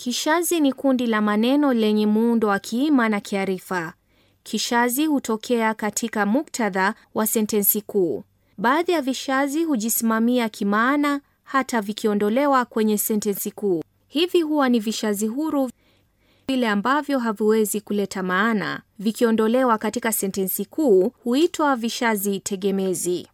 Kishazi ni kundi la maneno lenye muundo wa kiima na kiarifa. Kishazi hutokea katika muktadha wa sentensi kuu. Baadhi ya vishazi hujisimamia kimaana hata vikiondolewa kwenye sentensi kuu. Hivi huwa ni vishazi huru vile ambavyo haviwezi kuleta maana, vikiondolewa katika sentensi kuu huitwa vishazi tegemezi.